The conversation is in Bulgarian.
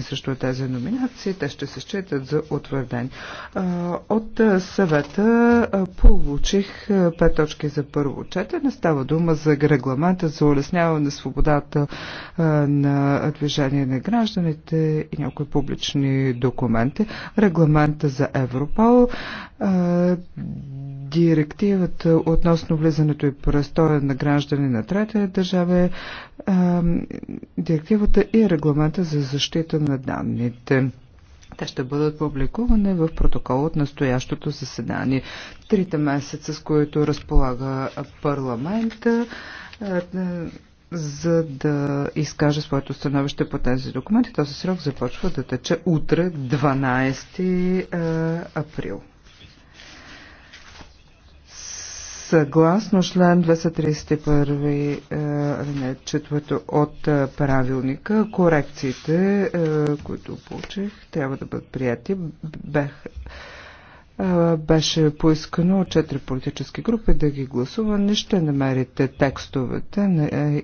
Също тези номинации, те ще се считат за утвърдени. От съвета получих пет точки за първо четене. Става дума за регламента за улесняване на свободата на движение на гражданите и някои публични документи, регламента за Европол, директивата относно влизането и престоя на граждани на трета държава, е, директивата и регламента за защита на данните. Те ще бъдат публикувани в протокол от настоящото заседание. Трите месеца, с които разполага парламента, за да изкаже своето становище по тези документи. Този срок започва да тече утре, 12 април. Съгласно член 231 е, от е, правилника, корекциите, е, които получих, трябва да бъдат прияти. Бех, беше поискано от четири политически групи да ги гласува. Не ще намерите текстовете на